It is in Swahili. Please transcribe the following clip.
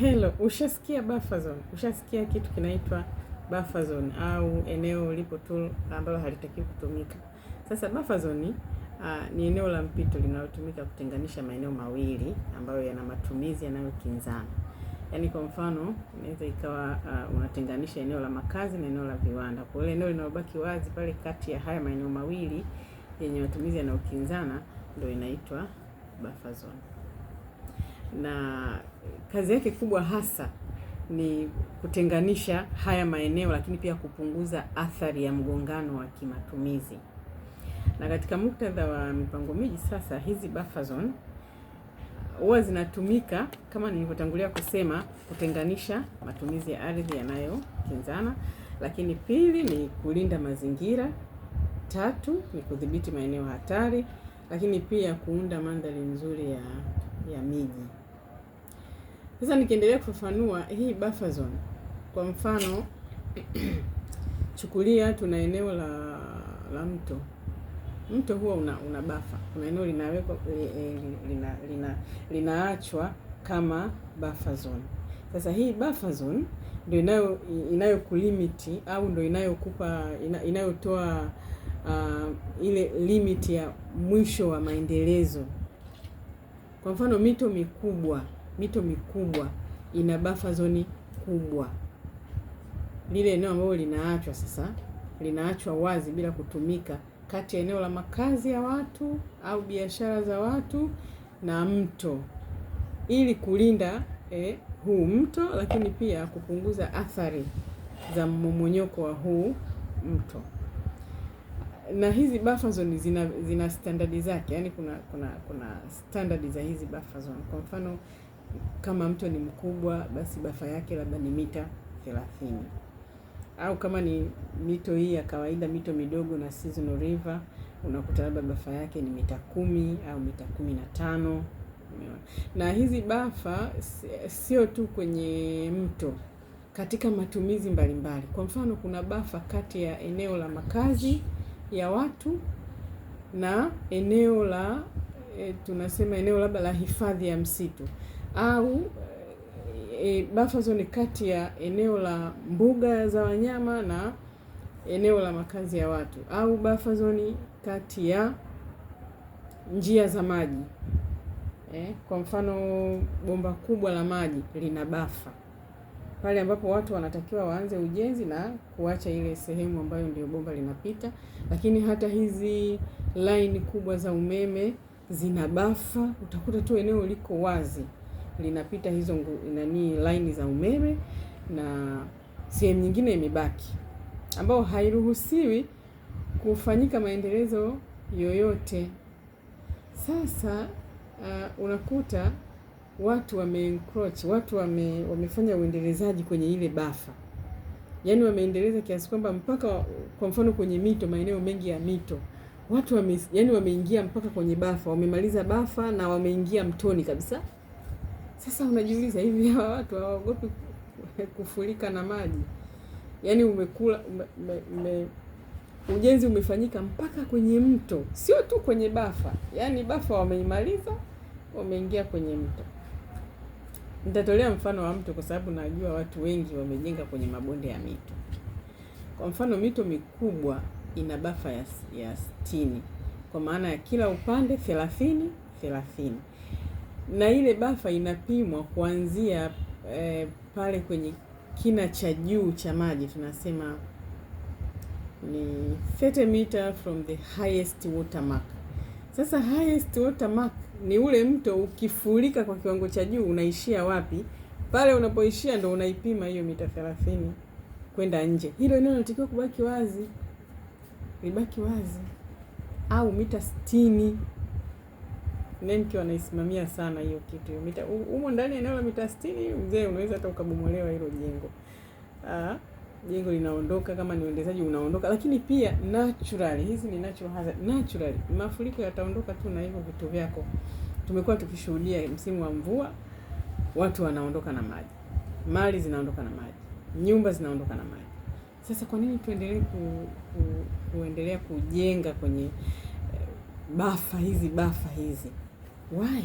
Hello, ushasikia buffer zone? Ushasikia kitu kinaitwa buffer zone au eneo lipo tu ambalo halitakiwi kutumika. Sasa buffer zone uh, ah, ni eneo la mpito linalotumika kutenganisha maeneo mawili ambayo yana matumizi yanayokinzana. Yaani kwa mfano, inaweza ikawa uh, unatenganisha eneo la makazi na eneo la viwanda. Kwa hiyo eneo linalobaki wazi pale kati ya haya maeneo mawili yenye matumizi yanayokinzana ndio inaitwa buffer zone na kazi yake kubwa hasa ni kutenganisha haya maeneo, lakini pia kupunguza athari ya mgongano wa kimatumizi. Na katika muktadha wa mipango miji sasa, hizi buffer zone huwa zinatumika kama nilivyotangulia kusema, kutenganisha matumizi ya ardhi yanayokinzana, lakini pili ni kulinda mazingira, tatu ni kudhibiti maeneo hatari, lakini pia kuunda mandhari nzuri ya ya miji. Sasa nikiendelea kufafanua hii buffer zone, kwa mfano chukulia tuna eneo la la mto. Mto huwa una, una bafa, kuna eneo linawekwa lina, lina, linaachwa kama buffer zone. Sasa hii buffer zone ndio inayo inayokulimiti au ndio inayokupa inayotoa uh, ile limit ya mwisho wa maendelezo. Kwa mfano mito mikubwa mito mikubwa ina buffer zone kubwa. Lile eneo ambalo linaachwa sasa, linaachwa wazi bila kutumika, kati ya eneo la makazi ya watu au biashara za watu na mto, ili kulinda eh, huu mto, lakini pia kupunguza athari za mmomonyoko wa huu mto na hizi buffer zone zina, zina standardi zake, yani kuna kuna kuna standardi za hizi buffer zone. Kwa mfano kama mto ni mkubwa, basi bafa yake labda ni mita thelathini au kama ni mito hii ya kawaida, mito midogo na seasonal river, unakuta labda bafa yake ni mita kumi au mita kumi na tano. Na hizi bafa sio tu kwenye mto, katika matumizi mbalimbali mbali. Kwa mfano kuna bafa kati ya eneo la makazi ya watu na eneo la e, tunasema eneo labda la hifadhi ya msitu au e, buffer zone kati ya eneo la mbuga za wanyama na eneo la makazi ya watu au buffer zone kati ya njia za maji eh, kwa mfano bomba kubwa la maji lina bafa pale ambapo watu wanatakiwa waanze ujenzi na kuacha ile sehemu ambayo ndio bomba linapita. Lakini hata hizi line kubwa za umeme zina bafa, utakuta tu eneo liko wazi linapita hizo nani laini za umeme na sehemu nyingine imebaki, ambayo hairuhusiwi kufanyika maendelezo yoyote. Sasa uh, unakuta watu wameencroach, watu wame, wamefanya uendelezaji kwenye ile bafa, yaani wameendeleza kiasi kwamba mpaka kwa mfano kwenye mito, maeneo mengi ya mito watu wame, yani wameingia mpaka kwenye bafa, wamemaliza bafa na wameingia mtoni kabisa. Sasa unajiuliza hivi hawa watu hawaogopi kufurika na maji? Yaani umekula ume, ume, ume, ujenzi umefanyika mpaka kwenye mto, sio tu kwenye bafa. Yaani bafa wameimaliza, wameingia kwenye mto. Nitatolea mfano wa mto kwa sababu najua watu wengi wamejenga kwenye mabonde ya mito. Kwa mfano mito mikubwa ina bafa ya, ya sitini kwa maana ya kila upande thelathini thelathini na ile bafa inapimwa kuanzia eh, pale kwenye kina cha juu cha maji tunasema ni 30 meter from the highest water mark. Sasa highest water mark ni ule mto ukifurika kwa kiwango cha juu unaishia wapi? Pale unapoishia ndo unaipima hiyo mita 30 kwenda nje. Hilo eneo linatakiwa kubaki wazi, libaki wazi au mita sitini. NEMC wanaisimamia sana hiyo kitu. Hiyo mita humo ndani eneo la mita 60 mzee, unaweza hata ukabomolewa hilo jengo. Ah, jengo linaondoka kama ni uendeshaji unaondoka, lakini pia naturally, hizi ni natural hazard. Naturally mafuriko yataondoka tu na hivyo vitu vyako. Tumekuwa tukishuhudia msimu wa mvua watu wanaondoka na maji, mali zinaondoka na maji, nyumba zinaondoka na maji. Sasa kwa nini tuendelee ku, ku, kuendelea kujenga kwenye eh, bafa hizi bafa hizi? Why?